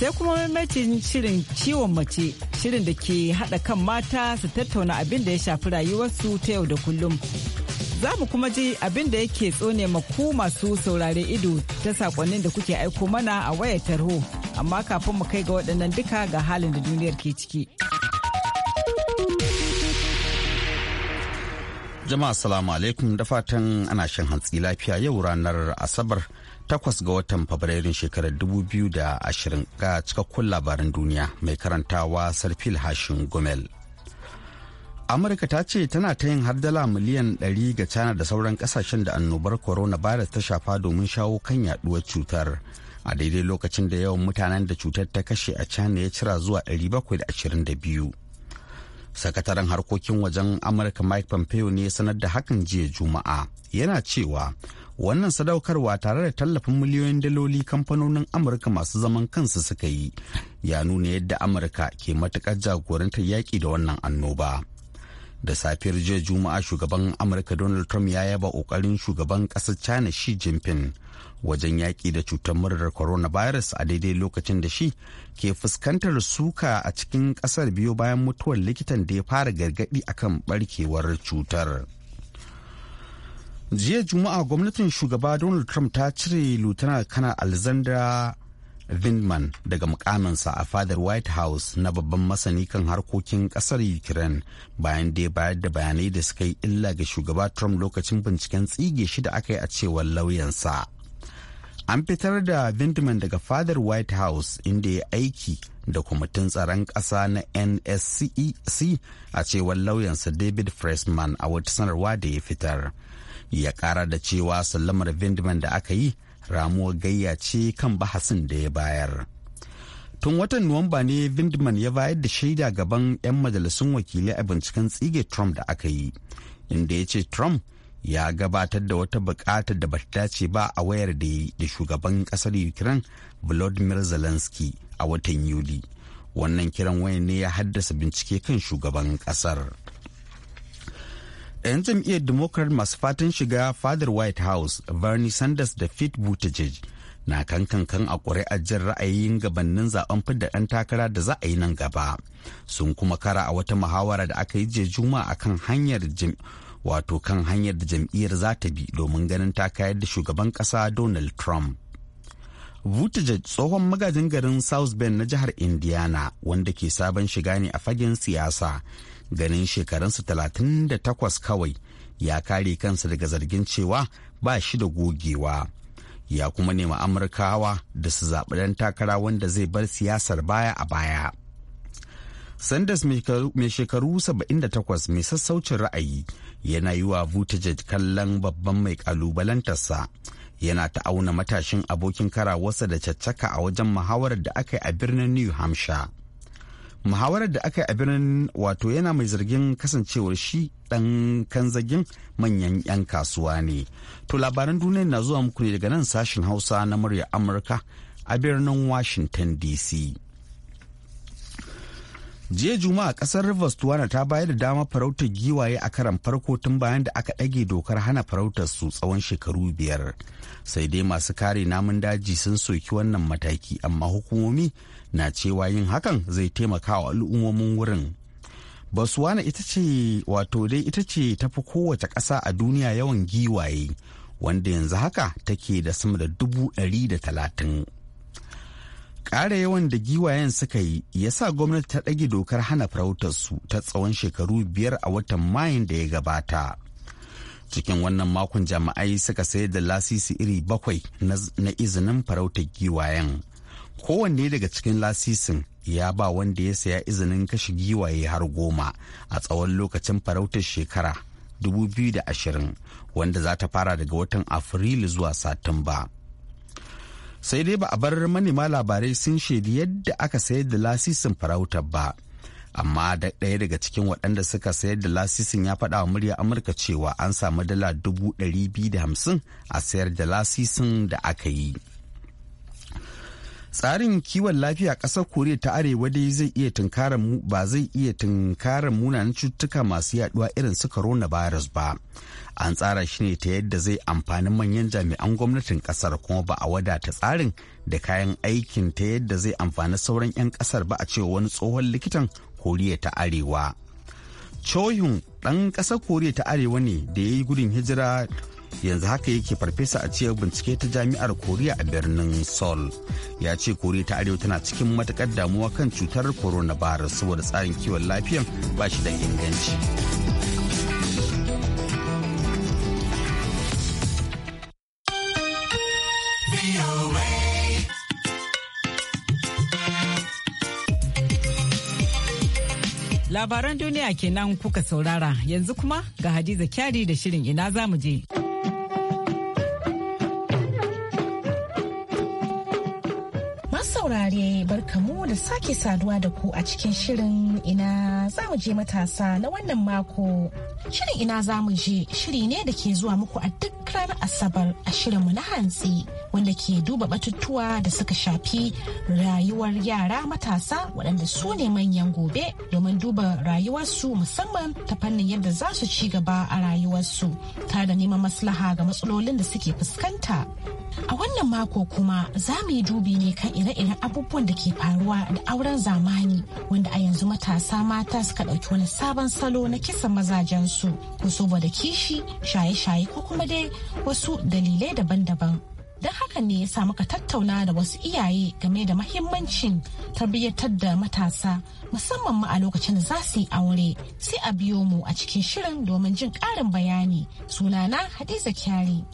sai kuma maimacin shirin ciwon mace shirin da ke haɗa kan mata su tattauna abin da ya shafi rayuwarsu ta yau da kullum za mu kuma ji abin da yake tsone maku masu saurare ido ta saƙonnin da kuke aiko mana a wayar tarho amma kafin mu kai ga waɗannan duka ga halin da duniyar ke ciki. Jama'a salamu alaikum da fatan ana shan hantsi lafiya yau ranar Asabar takwas ga watan Fabrairun shekarar da ashirin ga cikakkun labaran duniya mai karantawa Sarfil Hashin Gomel. Amurka ta ce tana ta yin har dala miliyan 100 ga China da sauran kasashen da annobar coronavirus ta shafa domin shawo kan yaduwar cutar. a daidai lokacin da yawan mutanen da cutar ta kashe a china ya cira zuwa 722 sakataren harkokin wajen amurka mike pompeo ne sanar da hakan jiya juma'a yana cewa wannan sadaukarwa tare da tallafin miliyoyin daloli kamfanonin amurka masu zaman kansu suka yi ya nuna yadda amurka ke matukar jagorantar yaƙi da wannan annoba da safiyar jiya juma'a shugaban amurka donald trump ya yaba ƙoƙarin shugaban ƙasar china xi jinping wajen yaƙi da cutar murar coronavirus a daidai lokacin da shi ke fuskantar suka a cikin ƙasar biyu bayan mutuwar likitan da ya fara gargaɗi akan barkewar cutar. jiya juma'a gwamnatin shugaba donald trump ta cire lieutenant kana alexander Vindman daga mukaminsa a fadar White House na babban masani kan harkokin kasar Ukraine bayan da ya bayar da bayanai da suka yi illa ga shugaba Trump lokacin binciken tsige shi da aka yi a cewar lauyansa. an fitar da Vindman daga fadar white house inda ya aiki da kwamitin tsaron ƙasa na nscec e a cewar lauyansa david freshman a wata sanarwa da ya fitar ya ƙara da cewa sallamar Vindman da aka yi ramuwar gayya ce kan bahasin da ya bayar tun watan nuwamba ne vindman ya bayar da shaida gaban 'yan majalisun wakilai a binciken tsige trump da aka yi inda ya ce trump ya gabatar da wata bukatar da bata dace ba a wayar da yi da shugaban kasar ukraine volodymyr zelensky a watan yuli wannan kiran waya ne ya haddasa bincike kan shugaban kasar 'yan jam'iyyar democrat masu fatan shiga fadar white house bernie sanders da pete buttigieg na kankankan a ƙuri'ar jin ra'ayin gabanin zaben fidda ɗan takara da za a yi nan gaba sun kuma kara a wata muhawara da aka yi jiya juma'a kan hanyar jam'iyyar wato kan hanyar da jam'iyyar za ta bi domin ganin ta kayar da shugaban ƙasa donald trump Buttigieg tsohon magajin garin South Bend na jihar Indiana wanda ke sabon shiga ne a fagen siyasa ganin shekarunsa 38 kawai ya kare kansa daga zargin cewa ba shi da gogewa. Ya kuma nema Amurkawa da su zaɓi ɗan takara wanda zai bar siyasar baya a baya. Sanders mai shekaru 78 mai sassaucin ra'ayi yana yi wa Buttigieg kallon babban mai kalubalantarsa yana ta auna matashin abokin karawarsa da caccaka a wajen muhawarar da aka yi a birnin New Hampshire. Muhawarar da aka yi a birnin wato yana mai zargin kasancewar shi ɗan kanzagin manyan 'yan kasuwa ne. To labaran duniya na zuwa muku ne daga nan sashen Hausa na murya Amurka a birnin Washington DC. jiya juma'a kasar rivers tuwana ta bayar da dama farautar giwaye a karan farko tun bayan da aka ɗage dokar hana farautar su tsawon shekaru biyar sai dai masu kare namun daji sun soki wannan mataki amma hukumomi na cewa yin hakan zai taimaka wa al'ummomin wurin botswana ita ce wato dai ita ce ta fi kowace ƙasa a duniya yawan giwaye wanda yanzu haka take da sama da dubu ɗari da talatin Ƙara yawan da giwayen suka yi ya sa gwamnati ta ɗage dokar hana farautarsu ta tsawon shekaru biyar a watan mayin da ya gabata. Cikin wannan makon jami'ai suka sayar da lasisi iri bakwai na izinin farautar giwayen. Kowanne daga cikin lasisin ya ba wanda ya saya izinin kashe giwaye har goma a tsawon lokacin farautar shekara 2020 wanda za ta fara daga watan Afrilu zuwa Satumba. sai dai ba a bar manema labarai sun shaidi yadda aka sayar da lasisin farautar ba amma da ɗaya daga cikin waɗanda suka sayar da lasisin ya faɗa wa murya amurka cewa an samu dala dubu ɗari biyu da hamsin a sayar da lasisin da aka yi tsarin kiwon lafiya ƙasar koriya ta arewa dai zai iya tunkara mu ba zai iya tunkarar munanan cututtuka masu yaduwa irin su coronavirus ba an tsara shi ne ta yadda zai amfani manyan jami'an gwamnatin ƙasar, kuma ba a wadata tsarin da kayan aikin ta yadda zai amfani sauran 'yan ƙasar ba a cewa wani tsohon likitan koriya ta arewa choyun ɗan ƙasar koriya ta arewa ne da ya yi gudun hijira yanzu haka yake farfesa a cewar bincike ta jami'ar koriya a birnin seoul ya ce koriya ta arewa tana cikin matakar damuwa kan cutar bara saboda tsarin kiwon lafiyan ba shi da inganci Labaran duniya kenan kuka saurara yanzu kuma ga Hadiza Kyari da shirin ina za mu je. saurare barkamu da sake saduwa da ku a cikin shirin ina za mu je matasa na wannan mako. Shirin ina za mu je shiri ne da ke zuwa muku a duk ranar Asabar a shirinmu na hantsi wanda ke duba batutuwa da suka shafi rayuwar yara matasa waɗanda su ne manyan gobe domin duba rayuwarsu musamman ta fannin yadda za su ci gaba a rayuwarsu tare da neman maslaha ga matsalolin da suke fuskanta. A wannan mako kuma za mu yi dubi ne kan ire-iren abubuwan da ke faruwa da auren zamani wanda a yanzu matasa mata suka ɗauki wani sabon salo na kisan mazajensu ko saboda kishi shaye-shaye ko kuma dai wasu dalilai daban-daban. Don haka ne ya sa muka tattauna da wasu iyaye game da mahimmancin tarbiyyatar da matasa musamman ma a lokacin da za su yi aure sai a biyo mu a cikin shirin domin jin ƙarin bayani sunana Hadiza Kyari.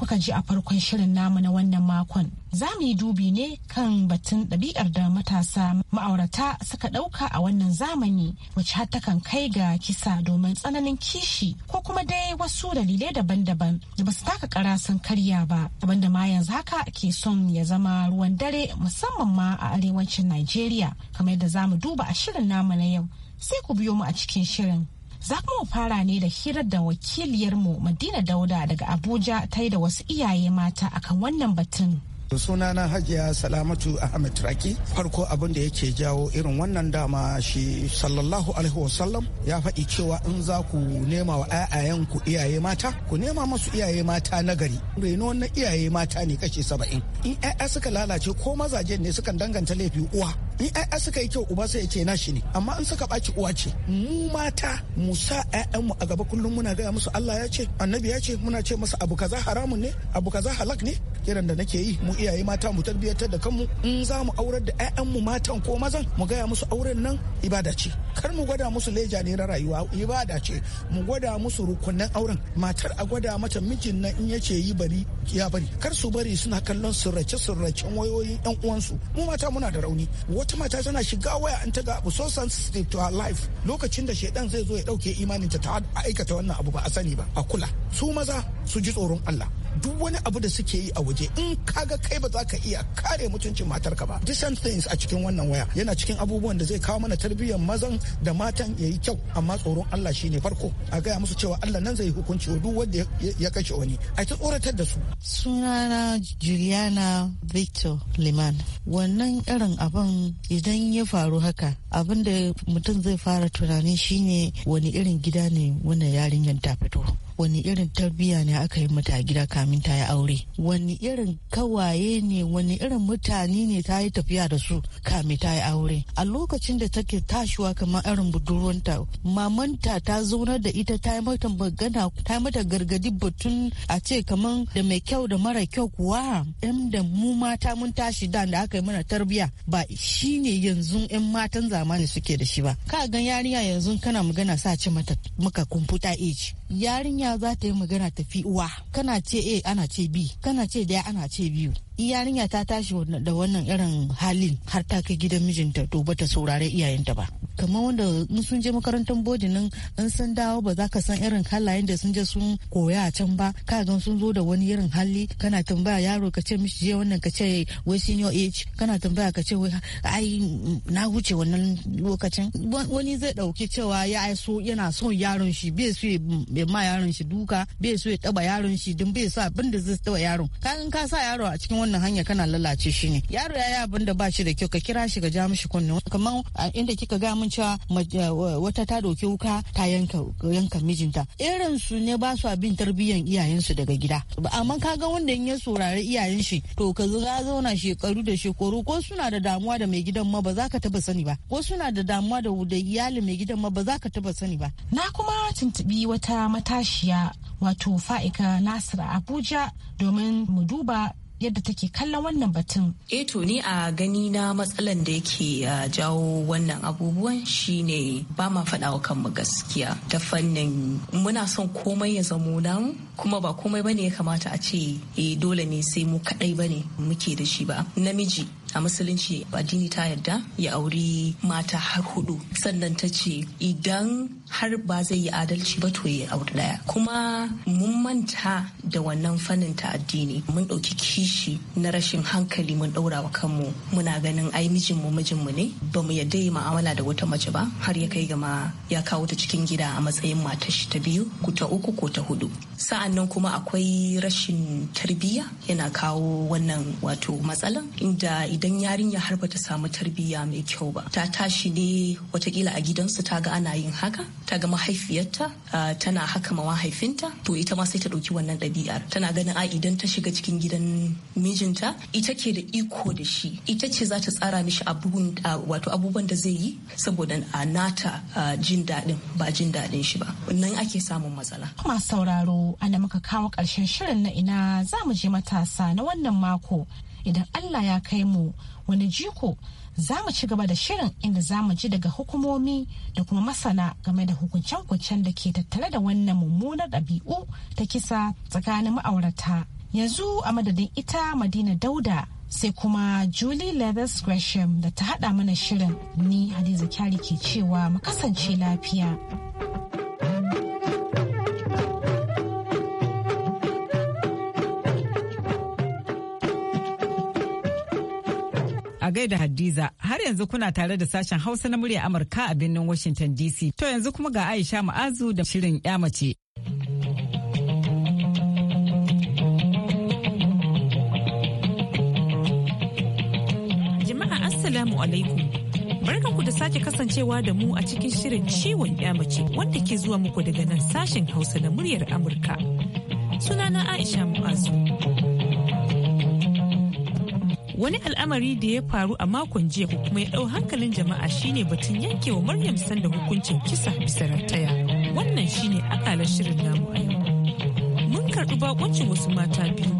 kuka ji a farkon shirin namu na wannan makon za mu yi dubi ne kan batun ɗabi'ar da matasa ma'aurata suka ɗauka a wannan zamani wacce har takan kai ga kisa domin tsananin kishi ko kuma dai wasu dalilai daban-daban da ba su taka ƙara sun karya ba da ma yanzu haka ke son ya zama ruwan dare musamman ma a arewacin Najeriya kamar yadda za mu duba a shirin namu na yau sai ku biyo mu a cikin shirin za mu fara ne da hirar da wakiliyarmu madina dauda daga abuja ta yi da wasu iyaye mata akan wannan batun sunana hajiya salamatu ahmed raki farko abin da yake jawo irin wannan dama shi sallallahu alaihi wasallam ya faɗi cewa in za ku nema wa ayayen ku iyaye mata ku nema masu iyaye mata na gari reno na iyaye mata ne kashe saba'in in 'ya'ya suka lalace ko mazaje ne sukan danganta laifi uwa in ƴaƴa suka yi kyau uba sai ya ce na shi ne amma in suka ɓaci uwa ce mu mata mu sa mu a gaba kullum muna gaya musu Allah ya ce annabi ya ce muna ce masa abu kaza haramun ne abu kaza halak ne kiran da nake yi mu iyaye mata mu tarbiyyantar da kanmu in za mu aurar da mu matan ko mazan mu gaya musu auren nan ibada ce kar mu gwada musu leja ne na rayuwa ibada ce mu gwada musu rukunin auren matar a gwada mata mijin nan in yace yi bari ya bari kar su bari suna kallon sirrace sirracen wayoyin yan uwansu mu mata muna da rauni wata mata tana shiga waya an ta ga abu so sensitive to her life lokacin da shaidan zai zo ya dauke imaninta ta aikata wannan abu ba a sani ba a kula su maza su ji tsoron Allah duk wani abu da suke yi a waje in kaga kai ba za ka iya kare mutuncin matarka ba decent things a cikin wannan waya yana cikin abubuwan da zai kawo mana tarbiyyar mazan da matan yayi kyau amma tsoron Allah shine farko a gaya musu cewa Allah nan zai hukunci duk wanda ya kashe wani a ta tsoratar da su sunana Juliana Victor Liman wannan irin abin idan ya faru haka abin da mutum zai fara tunani shine wani irin gida ne wannan yarinyar ta fito wani irin tarbiyya ne aka yi mata gida kamin ta yi aure wani irin kawaye ne wani irin mutane ne ta yi tafiya da su kamin ta yi aure a lokacin da take tashiwa kamar irin budurwanta mamanta ta zaunar da ita ta yi mata magana ta yi mata gargadi batun a ce kamar da mai kyau da mara kyau kuwa yan da mu mata mun tashi da da aka yi mana tarbiyya ba shine yanzu yan matan zamani suke da shi ba ka ga yarinya yanzu kana magana sa ce mata maka kumputa age yarinya za ta yi magana tafi uwa kana ce a ana ce b kana ce daya ana ce biyu yarinya ta tashi da wannan irin halin har ta kai gidan mijinta to bata saurare iyayenta ba kamar wanda in sun je makarantar bodi nan in sun dawo ba za ka san irin halayen da sun je sun koya a can ba ka zan sun zo da wani irin hali kana tambaya yaro ka ce mishi je wannan ka ce wai senior age kana tambaya ka ce wai ai na wuce wannan lokacin wani zai dauki cewa ya so yana son yaron shi bai so ya ma yaron shi duka bai so ya taba yaron shi don bai sa abin da zai taba yaron ka in ka sa yaro a cikin wannan hanya kana lalace shi ne yaro ya yi abin da ba shi da kyau ka kira shi ga ja mishi kunne kamar inda kika ga mun cewa wata ta doki wuka ta yanka mijinta irin su ne ba su abin tarbiyyan iyayensu daga gida amma ka ga wanda in ya saurari iyayen shi to ka ga zauna shekaru da shekaru ko suna da damuwa da mai gidan ma ba za ka taba sani ba ko suna da damuwa da da iyalin mai gidan ma ba za ka taba sani ba na kuma tuntubi wata matashiya wato fa'ika nasira abuja domin mu duba yadda take kallon wannan batun. E to ni a gani na matsalan da yake jawo wannan abubuwan shine ba ma faɗa wa kanmu gaskiya ta fannin muna son komai ya zamo namu kuma ba komai bane ya kamata a ce e dole ne sai mu kaɗai bane muke da shi ba namiji a musulunci addini ta yarda ya auri mata har hudu sannan ta ce idan har ba zai yi adalci ba to ya auri daya kuma mun manta da wannan fannin ta addini mun ɗauki kishi na rashin hankali mun ɗaura wa kanmu muna ganin ai mijin mu ne ba mu yadda yi ma'amala da wata mace ba har ya kai gama ya kawo ta cikin gida a matsayin matar shi ta biyu ko ta uku ko ta hudu sa'an nan kuma akwai rashin tarbiyya yana kawo wannan wato matsalan inda idan yarinya har ba ta samu tarbiyya mai kyau ba ta tashi ne watakila a gidansu ta ga ana yin haka ta ga mahaifiyarta tana haka ma mahaifinta to ita ma sai ta ɗauki wannan ɗabi'ar tana ganin a idan ta shiga cikin gidan mijinta ita ke da iko da shi ita ce za ta tsara mishi wato abubuwan da zai yi saboda a nata jin daɗin ba jin daɗin shi ba nan ake samun matsala. Kuma sauraro ana muka kawo ƙarshen shirin na ina za mu je matasa na wannan mako idan Allah ya kai mu wani jiko za mu ci gaba da shirin inda za mu ji daga hukumomi da kuma masana game da hukuncen-hukuncen da ke tattare da wannan mummunar ɗabi'u ta kisa tsakanin ma'aurata. Yanzu a madadin ita Madina Dauda sai kuma Julie Leathers Gresham da ta haɗa mana shirin ni Hadiza Kyari ke cewa mu kasance lafiya. agai gaida Hadiza, har yanzu kuna tare da sashen Hausa na murya Amurka a birnin Washington DC. To yanzu kuma ga Aisha Ma'azu da shirin 'ya mace. Jama'a Assalamu alaikum. Barkanku da sake kasancewa da mu a cikin shirin ciwon mace wanda ke zuwa muku daga nan sashen Hausa na muryar Amurka. Sunana Aisha ma'azu. wani al'amari da ya faru a makon jiya kuma ya ɗau hankalin jama'a shine batun yanke wa maryam sanda hukuncin kisa bisa rataya wannan shine akalar shirin namu a yau mun karɓi bakoncin wasu mata biyu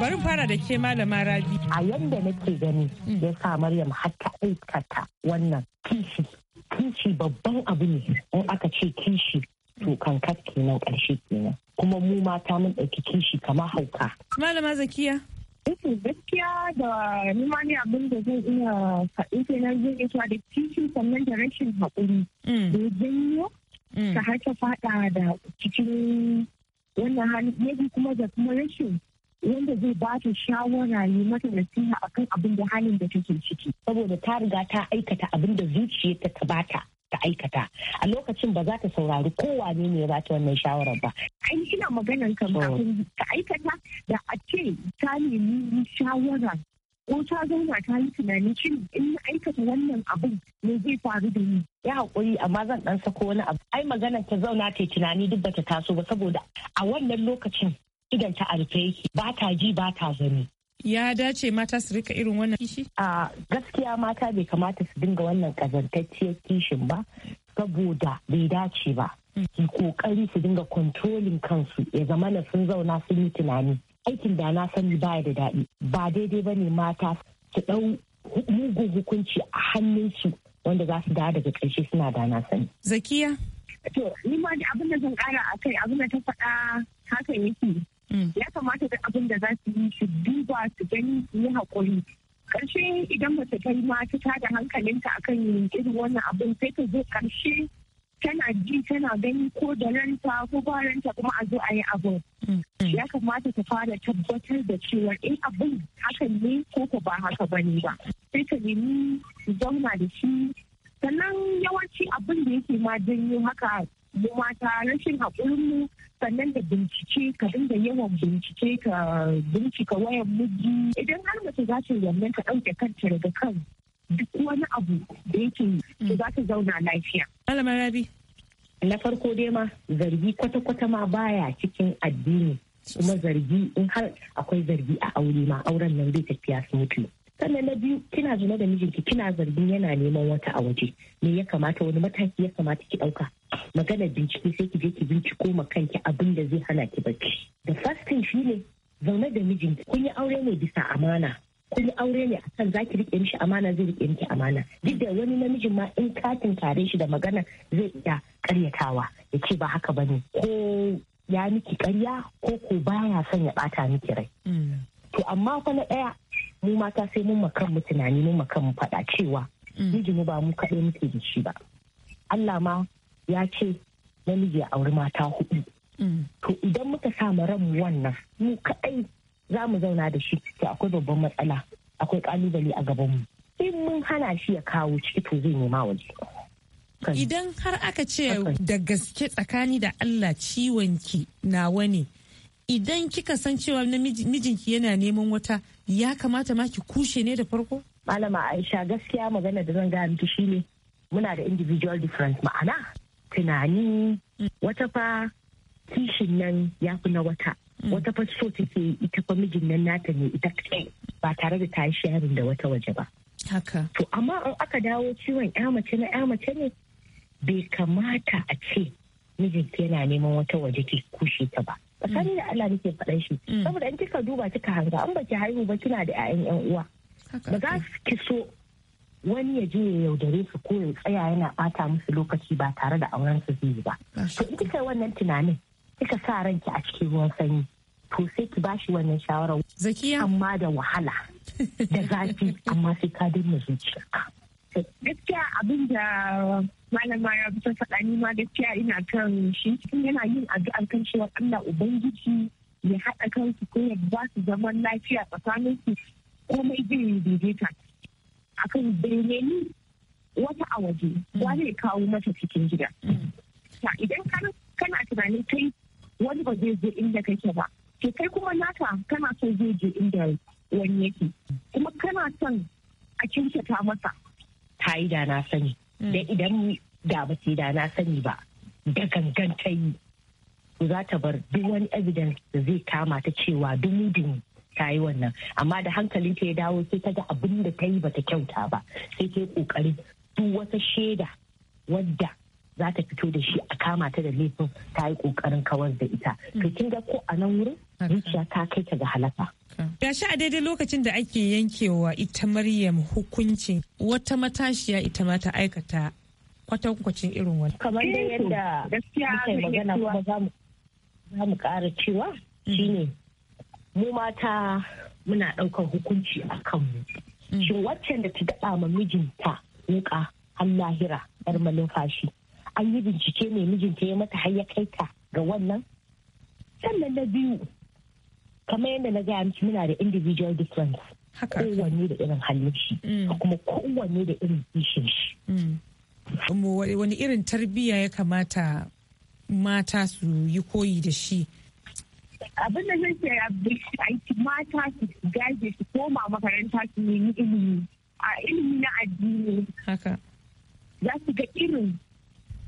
bari fara da ke malama rabi a yadda nake gani mm. ya sa maryam hatta aikata wannan kishi kishi babban abu ne in aka ce kishi to kat kenan ƙarshe kenan kuma mu mata mun ɗauki kishi kama hauka. Malama Zakiya. Isu eh, gaskiya da nima ne abin da zan iya faɗi kenan zan iya da kishi sannan da rashin haƙuri. Mm. Da janyo mm. ta har faɗa da cikin wannan hali ne kuma da kuma rashin wanda zai ba ta shawara ne mata nasiha akan abin da halin da take ciki saboda ta riga ta aikata abin da zuciyarta ta bata ta aikata a lokacin ba za ta saurari kowa ne ne ba ta wannan shawarar ba ai ina maganar kan ka ta aikata da a ce ta nemi shawara ko ta zauna ta yi tunanin shin in na aikata wannan abin ne zai faru da ni ya haƙuri amma zan ɗan sako wani abu ai maganar ta zauna ta yi tunani duk ta taso ba saboda a wannan lokacin idan ta arfe yake ba ta ji ba ta zani ya dace mata su rika irin wannan kishi? A gaskiya mata bai kamata su dinga wannan kazantacciyar kishin ba saboda bai dace ba. Hmm. Ki kokari su dinga kontrolin kansu ya zama na sun zauna sun yi tunani. Aikin da na sani baya da daɗi. Ba daidai ba ne mata su ɗau mugun hukunci a hannunsu wanda za su dawo daga ƙarshe suna da na sani. Zakiya? To, ni ma da abin da zan kara a kai abin da ta faɗa hakan yake ya kamata da abin da za su yi su duba su gani su yi haƙuri ƙarshe idan mace ta yi ma ta da hankalinta akan irin wannan abin sai ta zo ƙarshe tana ji tana gani ko da ranta ko ba ranta kuma a zo a yi abin. Mm-hmm. Ya kamata ta fara tabbatar da cewa in eh, abin hakan ne ko ko ba haka ba ne ba. Sai ta nemi zauna da shi sannan yawanci abin da yake ma janyo haka mu mata rashin haƙurin mu sannan da bincike ka dinga yawan bincike ka bincika wayan muji idan har mace za ta wannan ka ɗauke kanta daga kan duk wani abu da yake za ta zauna lafiya. Rabi. Na farko dai ma zargi kwata-kwata ma baya cikin addini kuma zargi in har akwai zargi a aure ma auren nan zai tafiya su mutu. sannan na biyu kina zuna da mijinki kina zargin yana neman wata a waje me ya kamata wani mataki ya kamata ki dauka magana bincike sai ki je ki binciko ma kanki abin da zai hana ki bacci da shi shine zaune da mijinki kun yi aure ne bisa amana kun yi aure ne akan zaki rike mishi amana zai rike miki amana duk da wani namijin ma in katin tare shi da magana zai iya karyatawa ya ce ba haka bane ko ya miki karya ko ko baya son ya bata miki rai mm. to amma fa na daya mu mata sai mun makan mu tunani mun makan mu faɗa cewa mm. mu ba mu kaɗai muke da shi ba Allah ma ya ce namiji ya auri mata hudu mm. to idan muka sa samu ran wannan mu kaɗai za mu zauna da shi to akwai babban matsala akwai kalubale a gaban mu. in mun hana shi ya kawo ciki to zai nema waje idan har aka ce da gaske tsakani da Allah ciwon ki nawa ne idan kika san cewa na mijinki yana neman wata ya kamata ma ki kushe ne da farko? Malama Aisha gaskiya magana da zan gaya miki shine muna da individual difference ma'ana tunani wata fa kishin nan ya fi na wata mm. wata fa so take ita fa mijin nan nata ne ita kai ba tare da ta yi sharing da wata waje ba. Haka. To amma in aka dawo ciwon ya mace na ya mace ne bai kamata a ce mijinki yana neman wata waje ke kushe ta ba. tsakani da Allah nake faɗan shi mm. saboda in kika duba kika hanga an baki haihu ba kina da 'ya'yan yan uwa ba za ki so wani ya je ya yaudare su ko ya tsaya yana bata musu lokaci ba tare da auren su zai ba to in kika wannan tunanin kika sa ranki a cikin ruwan sanyi to sai ki bashi wannan shawarar amma da wahala da zafi amma sai ka dinga zuciyarka gaskiya abin da malama ya fi faɗa ni ma gaskiya ina kan shi yana yin addu'ar kan cewa Allah ubangiji ya haɗa kansu ko ya ba su zaman lafiya tsakanin su komai zai daidaita akan bayyani wata a waje wani ya kawo mata cikin gida idan kana tunanin kai wani ba zai zo inda kake ba Ke kai kuma naka kana so zai je inda wani yake kuma kana son a kyautata masa ta da na sani mm. da idan da ba da na sani ba da gangan ta yi za ta bar duk wani evidence da zai kama ta cewa dumudin ta yi wannan amma da hankalin ta ya dawo sai ta ga abin da ta yi ba ta kyauta ba sai ta yi kokarin duk wata shaida wadda za ta fito da shi a kama ta da laifin ta yi kokarin kawar da ita to mm. kin ga ko a nan wurin zuciya ta kai ta ga halaka. Gashi a daidai lokacin da ake yankewa ita Maryam hukuncin wata matashiya ita ma ta aikata kwatankwacin irin wani. Kamar da eh yadda gaskiya magana kuma za mu ƙara cewa mm. shine mu mata muna ɗaukar hukunci a kanmu. Mm. Shin waccan da ta daɗa ma mijinta wuƙa har lahira yar malumfashi an yi bincike ne mijinta ya mata har ta ga wannan. Sannan na biyu kamar yadda na gaya miki muna da individual difference kowanne da irin halin shi mm. kuma kowanne da irin kishin shi mm. wani irin tarbiyya ya kamata mata su yi koyi da shi abin da zai ce aiki mata su gaje su koma makaranta su nemi ilimi a ilimi na addini za su ga irin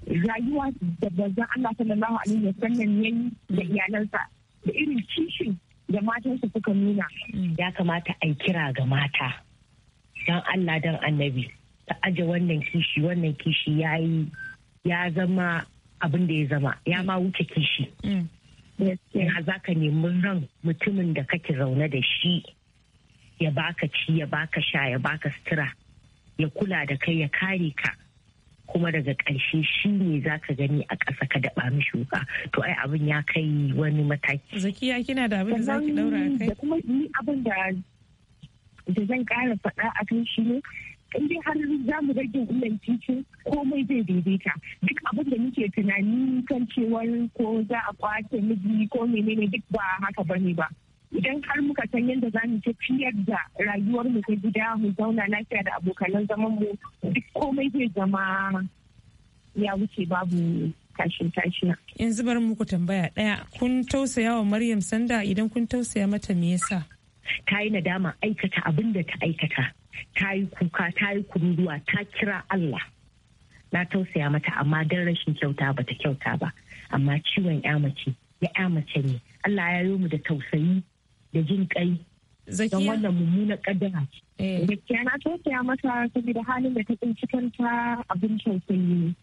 rayuwa da bazan Allah sallallahu alaihi wa sallam yayi da iyalansa da irin kishin da su suka nuna mm. ya kamata a kira ga mata don Allah don annabi ta aje wannan kishi wannan kishi ya yi ya zama abin da ya zama ya ma wuce kishi mm. ya za ka nemi ran mutumin da kake zaune da shi ya baka ci ya baka sha ya baka sutura ya kula da kai ya kare ka kuma daga ƙarshe shi ne za ka gani a ƙasa ka daɓa mi shuka to ai abin ya kai wani mataki. Zakiya kina da abin da za ki a kai. Da kuma ni abin da da zan ƙara faɗa a kan shi ne in dai har za mu rage wannan titin komai zai daidaita duk abin da muke tunani kan cewar ko za a kwace miji ko menene duk ba haka bane ba. idan har muka san yadda za mu tafiyar da rayuwar mu ta gida mu zauna lafiya da abokanan zaman mu duk komai zai zama ya wuce babu tashin tashin. Yanzu bari muku tambaya ɗaya kun tausaya wa Maryam Sanda idan kun tausaya mata me yasa? Ta yi nadama aikata abin da ta aikata. Ta yi kuka, ta yi kururuwa, ta kira Allah. Na tausaya mata amma don rashin kyauta ba ta kyauta ba. Amma ciwon ya mace, ya mace ne. Allah ya yi mu da tausayi da jin kai don wannan mummunar kaddara ce. Eh. kyana na tausaya masa saboda halin da ta tsinci kanta abin tausayi.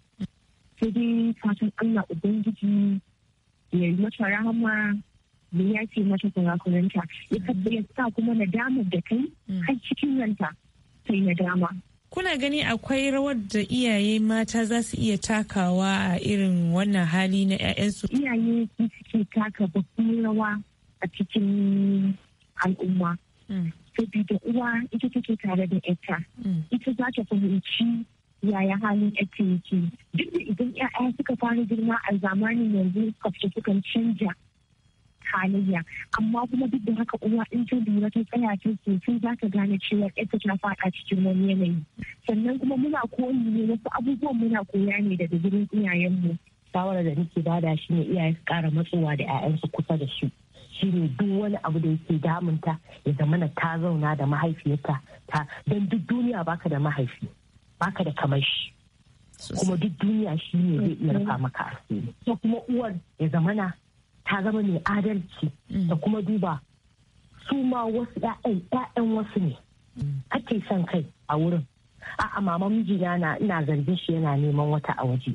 Sai dai fatan Allah Ubangiji ya yi mata rahama da ya ce mata kurakuranta. Ya kabba ya sa kuma nadamar da kai mm. har cikin yanta sai nadama. Kuna gani akwai rawar da iyaye mata za su iya takawa a irin wannan hali na 'ya'yansu? Iyaye suke taka babban rawa a cikin al'umma. Mm. Sabida uwa ita take tare da ita, mm. ita za ta fahimci yaya halin ita yake. Duk da idan 'ya'ya suka fara girma a zamanin yanzu kafin sukan canja halayya amma kuma duk da haka uwa in ta lura ta tsaya ta sosai za ta gane cewa ita ta faɗa cikin wani yanayi sannan kuma muna koyi ne wasu abubuwan muna koya ne daga gurin iyayenmu shawarar da nake bada shi ne iyaye su ƙara matsowa da 'ya'yansu kusa da su shine duk wani abu da yake damunta ya zama na ta zauna da mahaifiyarta ta don duk duniya baka da mahaifi baka da kamar shi kuma duk duniya shi ne zai iya rufa maka asiri kuma uwar ya zamana ta zama mai adalci da mm. kuma duba su ma wasu ya'yan ya'yan wasu ne mm. ake son kai a wurin a'a mama mijina na ina zargin shi yana neman wata a waje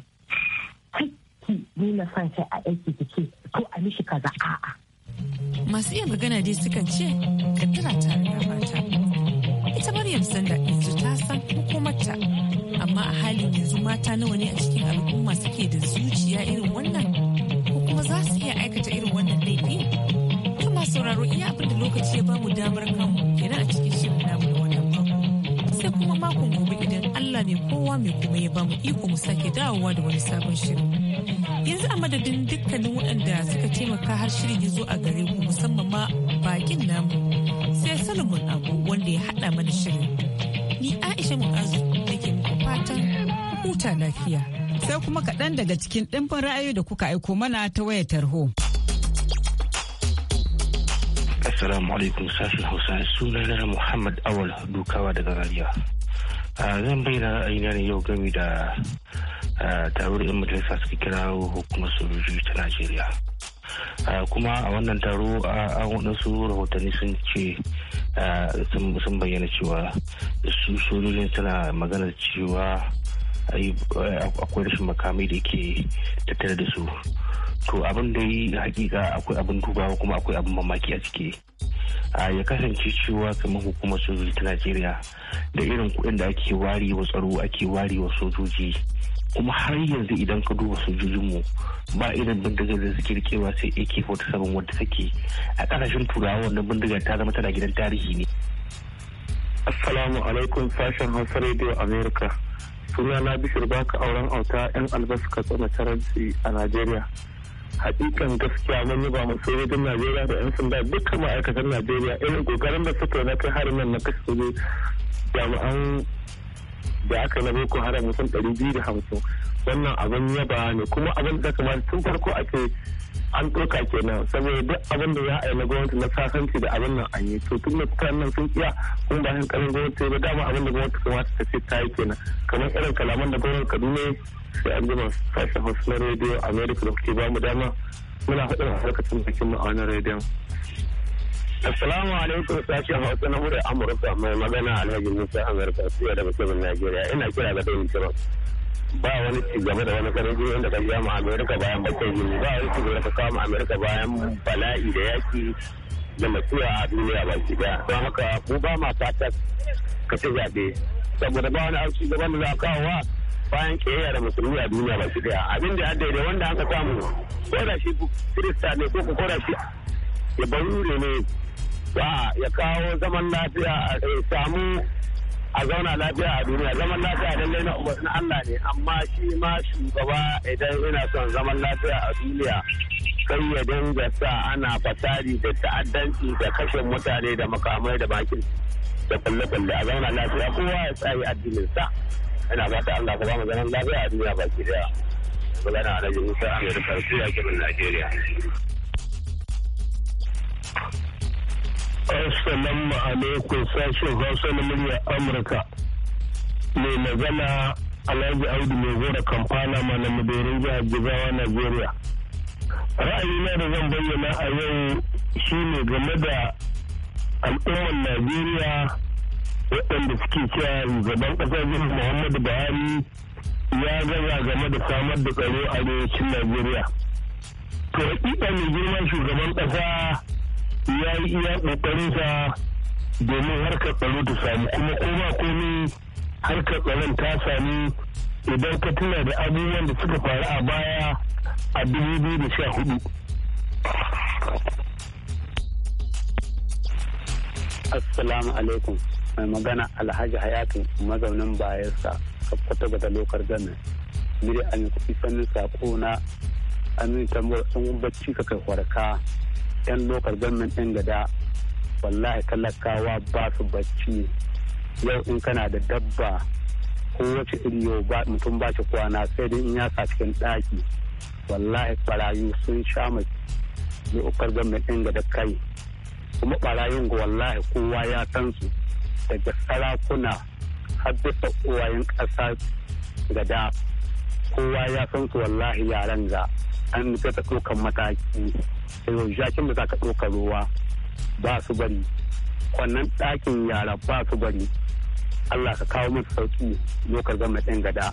ki nuna son kai a aiki ki ce to a mishi kaza a'a masu iya magana dai sukan ce tara tare da mata ita maryam sanda yanzu ta san hukumarta amma a halin yanzu mata nawa ne a cikin al'umma suke da zuciya irin wannan ko kuma za su iya aikata irin wannan laifi kuma sauraro iya abinda lokaci ya bamu damar kanmu kenan a cikin shirin namu na sai kuma makon gobe idan Allah ne kowa mai kuma ya bamu iko mu sake dawowa da wani sabon shirin. Yanzu a madadin dukkanin waɗanda suka taimaka har shirin ya zo a gare ku musamman ma bakin namu sai Solomon Abu wanda ya haɗa mana shirin. Ni Aisha Mu'azu ke muku fatan huta lafiya. Sai kuma kaɗan daga cikin ɗimbin ra'ayoyi da kuka aiko mana ta wayar tarho. Assalamu alaikum sashen Hausa na Muhammad Awal Dukawa daga Zaria. Zan bayyana ra'ayina ne yau game da taron 'yan majalisa suka kira hukumar sojoji ta Najeriya. Kuma a wannan taro a waɗansu rahotanni sun ce sun bayyana cewa su sojojin suna magana cewa akwai rashin makamai da ke tattare da su. to abin da yi hakika akwai abin dubawa kuma akwai abin mamaki a ciki ya kasance cewa kamar hukumar sojoji ta najeriya da irin kuɗin da ake ware wa tsaro ake ware wa sojoji kuma har yanzu idan ka duba sojojinmu ba irin bindigar da suke rikewa sai ak-47 wadda take a ƙasashen turawa wannan bindigar ta zama tana gidan tarihi ne assalamu alaikum sashen hausa radio america suna na bishir baka auren auta yan albasa katsina taranci a najeriya hakikan gaskiya mun ba mu sojojin Najeriya da 'yan sanda dukkan ma'aikatan Najeriya irin kokarin da suka na kai harin nan na kashe jami'an da aka na boko haram mutum ɗari biyu da hamsin wannan abin ba ne kuma abin da kamata tun farko a ke an ɗauka kenan saboda duk abin da a yi na gwamnati na sasanci da abin nan an yi to tun da mutanen nan sun iya kuma ba shi ƙarin gwamnati ba dama abin da gwamnati kamata ta ce ta yi kenan kamar irin kalaman da gwamnati kaduna da an gama sashen hausa na rediyo america da kuke ba mu dama muna haɗin harkacin bikin mu a wani rediyon Assalamu alaikum sashen Hausa na Murai Amurka mai magana Alhaji Musa Amurka suya da mutumin Najeriya ina kira ga Dole Kiran. Ba wani ci game da wani karin jini inda ka biya mu Amerika bayan bakin jini ba wani ci gaba da ka kawo mu Amerika bayan bala'i da yaki da matuwa a duniya ba baki daya. Don haka mu ba ma fata ka ci zaɓe saboda ba wani aiki gaban da za a kawo wa bayan kiyayya da musulmi a duniya ba su daya abin da daidai wanda aka samu ko da shi kirista ne ko ko da shi ya barure ne ba ya kawo zaman lafiya a samu a zauna lafiya a duniya zaman lafiya lallai na umarni Allah ne amma shi ma shugaba idan yana son zaman lafiya a duniya kai ya dinga sa ana fasari da ta'addanci da kashe mutane da makamai da bakin da kulle-kulle a zauna lafiya kowa ya tsaye sa. ina ba ta Allah ka ba mu zaman lafiya a duniya ke daya magana alhaji musa a amir sarki ya kirin najeriya assalamu alaikum sashen hausa na murya amurka mai magana alhaji audu mai gora kamfana ma na madorin jihar jigawa najeriya ra'ayina da zan bayyana a yau shine game da al'ummar najeriya waɗanda suke cewa shugaban ƙasar muhammadu buhari ya gaza game da samar da tsaro a arewacin najeriya to hakika mai girman shugaban ƙasa ya yi iya ƙoƙarinsa domin harkar tsaro ta sami kuma ko ba komai harkar tsaron ta sami idan ka tuna da abubuwan da suka faru a baya a biyu da 2014 Assalamu alaikum. mai magana alhaji hayatu mazaunin a kwata gwada lokar ganin mire an kuɗi sanin sako na amin tambar sun bacci ka kai kwarka yan lokar ganin ɗin gada wallahi kallakawa ba su bacci yau in kana da dabba ko wace iri yau mutum ba shi kwana sai dai in ya sa cikin ɗaki wallahi barayu sun sha mai lokar ganin ɗin gada kai kuma barayin ga wallahi kowa ya san su daga sarakuna har bisa uwayen ƙasa gada kowa ya san su wallahi yaran ga an ga ta ɗaukan mataki yau jakin da za ka ɗauka ruwa ba su bari kwannan ɗakin yara ba su bari Allah ka kawo musu sauki lokar zama ɗin gada.